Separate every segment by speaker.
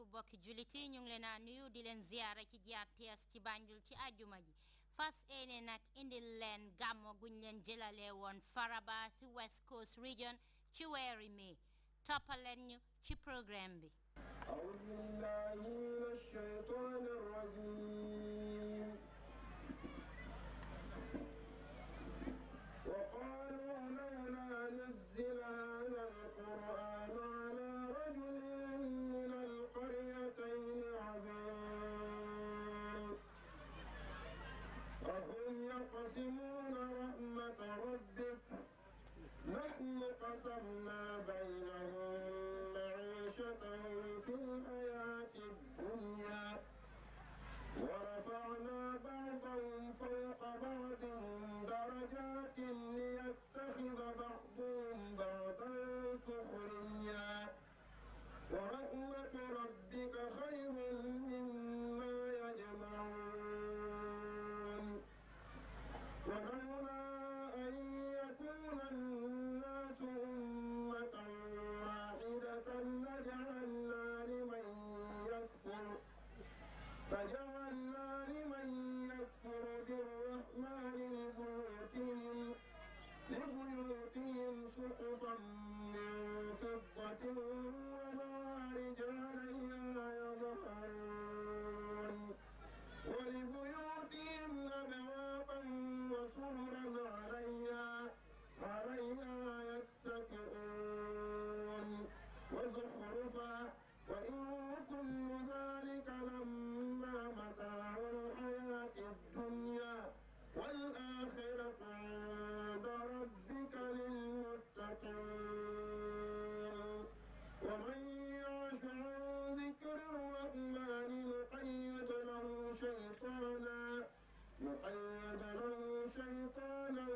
Speaker 1: ku bokki jullit yi nuyu di ci Banjul ci ji fas ene guñ Faraba West Coast Region ci ñu ci programme bi
Speaker 2: وقالوا شيطانا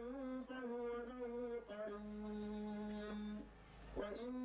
Speaker 2: فهو له قرين وإن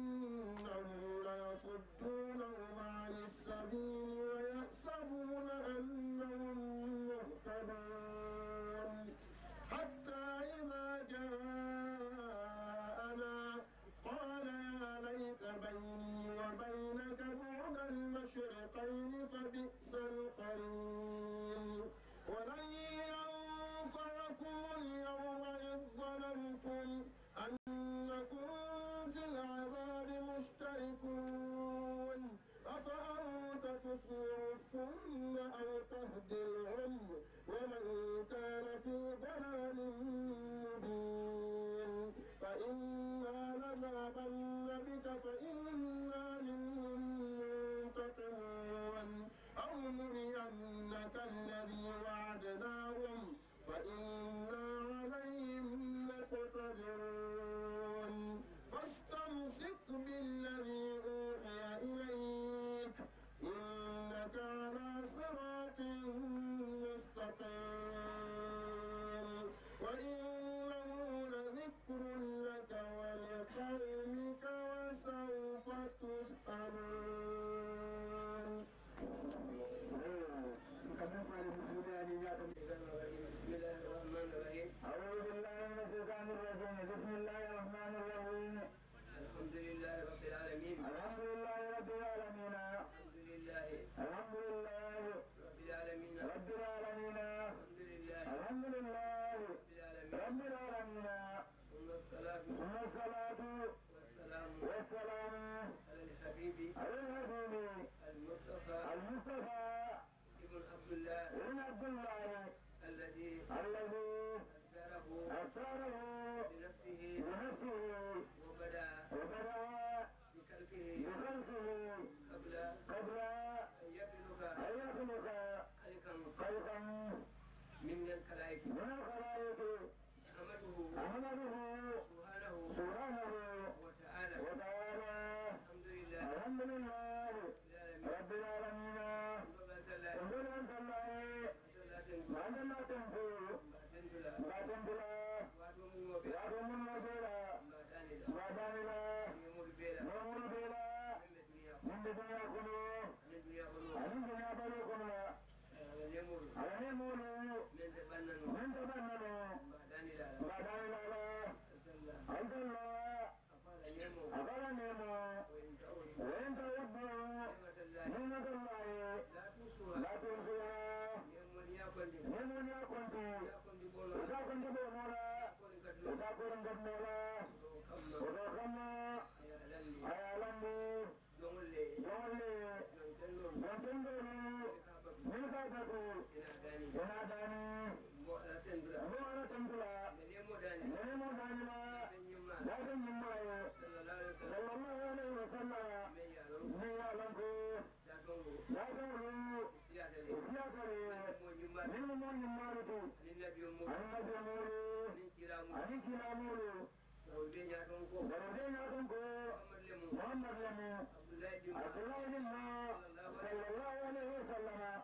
Speaker 2: like, mm.
Speaker 3: Janardhana ഞാൻ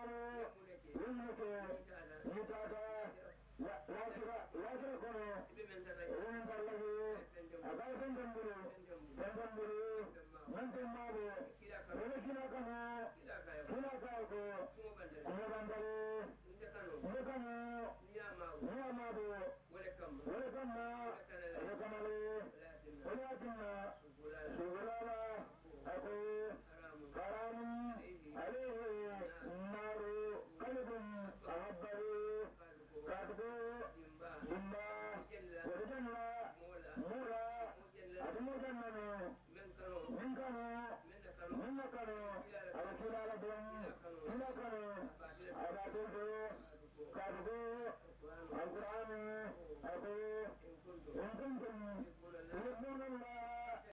Speaker 3: النار والموت متاتا لا تركونه وانت الذي أبا سندنبرو سندنبرو من تمابو